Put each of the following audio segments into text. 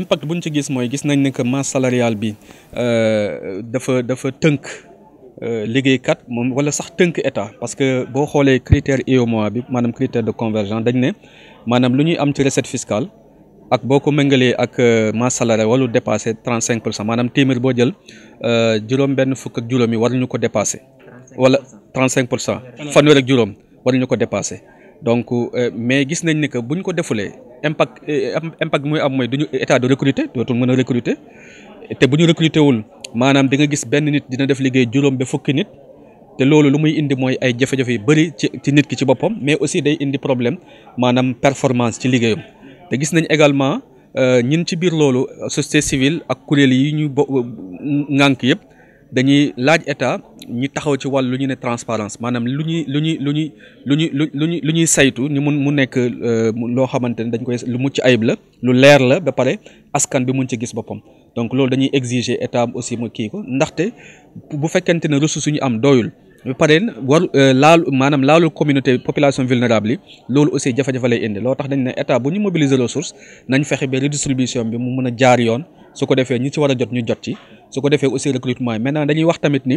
impact buñ ci gis moy gis nañ ne que masse salariale bi euh dafa dafa teunk tënk euh, kat mom wala sax teunk état parce que bo xolé critère UEMOA bi manam critère de convergence dañ ne manam luñuy am ci recette fiscale ak boko mengalé ak euh, masse salariale walu dépasser 35% manam témir bo jël euh boo ben fuk ak juróom yi waruñu ko dépasser wala 35% cinq pour cent fanweer ak ko dépasser donc euh, mais gis nañ ne que buñ ko defulé impact eh, impact bi am moy duñu état de recruter dootul mën recruter té buñu ñu recruter wul maanaam di nga gis ben nit dina def liggéey juróom be fukki nit té lolu lu muy indi moy ay jafe-jafe bari ci ci nit ki ci bopom mais aussi day indi problème manam performance ci liggéeyam té gis nañ également euh, ñin ci biir lolu société civile ak kuréel yi ñu ngank yépp dañuy laaj état ñu taxaw ci wàll lu ñu ne transparence maanaam lu ñuy lu ñuy lu ñuy lu ñuy lu ñuy lu ñuy saytu ñu mun mu nekk euh, loo xamante ne dañ koy lu mucc ayib la lu leer la ba pare askan bi mun ci gis boppam donc loolu dañuy exiger état aussi mu kii ko ndaxte bu fekkente ne ressource su ñu am doyul ba pare war euh, laal maanaam laalu communauté population vulnérable yi loolu aussi jafe-jafe lay indi loo tax dañ ne état bu ñu mobiliser ressource nañ fexe ba redistribution bi mu mun a jaar yoon su ko defee ñi ci war a jot ñu jot ci su ko defee aussi recrutement maintenant dañuy wax tamit ni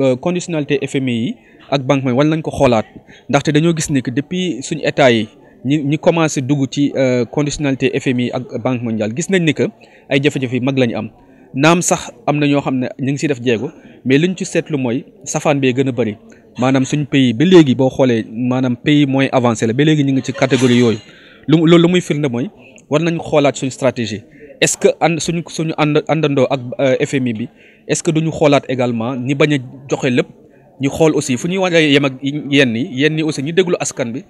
euh, conditionnalité FMI yi ak banque mooy war nañ ko xoolaat ndaxte dañoo gis ni que depuis suñu état yi ñi ñi commencé dugg ci euh, conditionnalité FMI ak banque mondiale gis nañ ni que ay jafe-jafe yu mag la ñu am naam sax am na ñoo xam ne ñu ngi siy def jéego mais liñ ci seetlu mooy safaan bee gën a bëri maanaam suñ pays ba léegi boo xoolee maanaam pays moins avancé la ba léegi ñu ngi ci catégorie yooyu lu loolu lu muy firnde mooy war nañ xoolaat suñ stratégie est-ce que ànd suñu suñu ànd àndandoo ak euh, FMI bi est-ce que duñu xoolaat également ñi bañ a joxe lépp ñu xool aussi fu ñuy war a yem ak yenn yi yenn yi aussi ñu déglu askan bi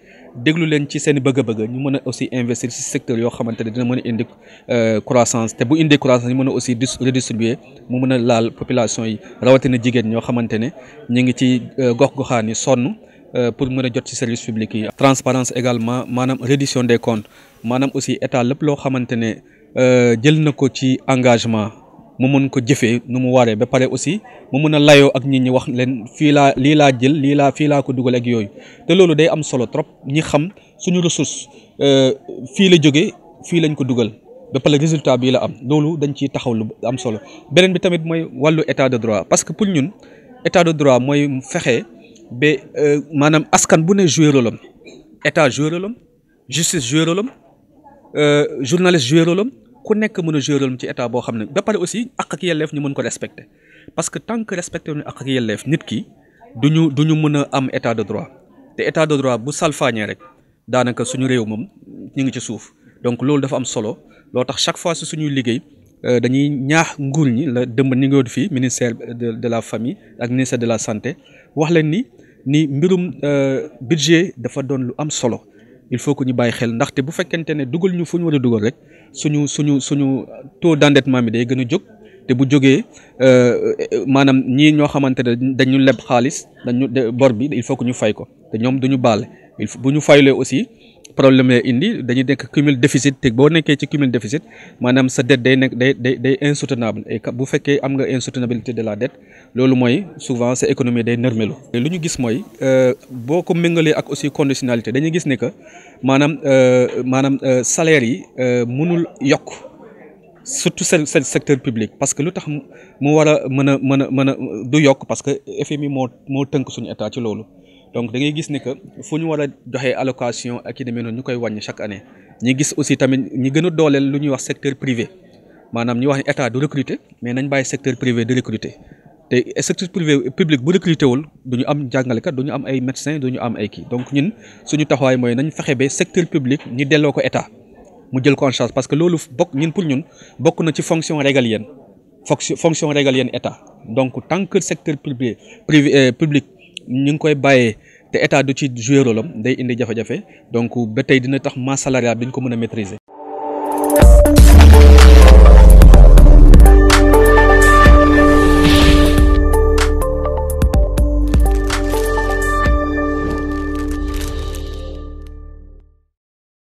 déglu leen ci seen bëgg-bëgg ñu mën a aussi investir ci secteur yoo xamante ne dina mën a indi euh, croissance te bu indi croissance ñu mën a aussi redistribuer mu mën a laal population yi rawatina jigéen ñoo xamante ne ñu ngi ci euh, gox-goxaan yi sonn pour mën a jot ci service public yi. transparence également maanaam reddition des comptes maanaam aussi Euh, jël na ko ci engagement mu mën ko jëfee nu mu waree ba pare aussi mu mun a layoo ak nit ñi wax leen fii laa lii laa jël lii laa fii laa ko dugal ak yooyu te loolu day am solo trop ñi xam suñu ressource euh, fii la jóge fii lañ ko dugal ba pare résultat bii la am loolu dañ ciy taxaw lu am solo beneen bi tamit mooy wàllu état de droit parce que pour ñun état de droit mooy fexe ba euh, maanaam askan bu ne joué état joué rôle am justice joué rôle journaliste joué ku nekk mën a jouer ci état boo xam ne ba pare aussi ak ak yelleef ñu mën ko respecter parce que tant que respecté wuñu ak ak yelleef nit ki du ñu du ñu mën a am état de droit te état de droit bu salfaañee rek daanaka suñu réew moom ñu ngi ci suuf donc loolu dafa am solo loo tax chaque fois si suñuy liggéey euh, dañuy ñaax nguur ñi la dëmb ni nga fii ministère de la famille ak ministère de la santé wax leen ni ni mbirum euh, budget dafa doon lu am solo. il faut que ñu bàyyi xel ndaxte bu fekkente ne dugal ñu fu ñu war a dugal rek suñu suñu suñu taux d'endettement bi day gën a jóg te bu jógee euh, maanaam ñii ñoo xamante ne dañu leb xaalis dañu bor bi il faut que ñu fay ko te ñoom duñu baal bu ñu faylee aussi problème indi dañu nekk cumul déficit teg boo nekkee ci cumul déficit maanaam sa dette day nekk day day day insoutenable et bu fekkee am nga insoutenabilité de la dette loolu mooy souvent sa économie day nërmelu lu ñu gis mooy euh, boo ko méngalee ak aussi conditionnalité dañuy gis ne que maanaam euh, maanaam euh, salaire yi mënul yokk surtout seen seen secteur public parce que lu tax mu war a mën a mën a mën a du yokk parce que FMI moo moo tënk suñu état ci loolu donc da ngay gis ne que fu ñu wara joxé allocation ak i demee noonu wañ chaque année ñi gis aussi tamit ñi gëna a lu ñuy wax secteur privé manam ñi wax ne état du recruter mais nañ bàyyi secteur privé de recruter té secteur privé public bu recruter wul duñu am jàngalekat kat duñu am ay médecins duñu am ay ki donc ñun suñu taxaway moy nañ fexe bé secteur public ñi délo ko état mu jël ko en charge parce que lolu bok ñun pour ñun bok na ci fonction régalienne fonction régalienne état donc tant que secteur privé privé euh, public ñu ngi koy bayé te état du ci rôle donc ba maîtriser.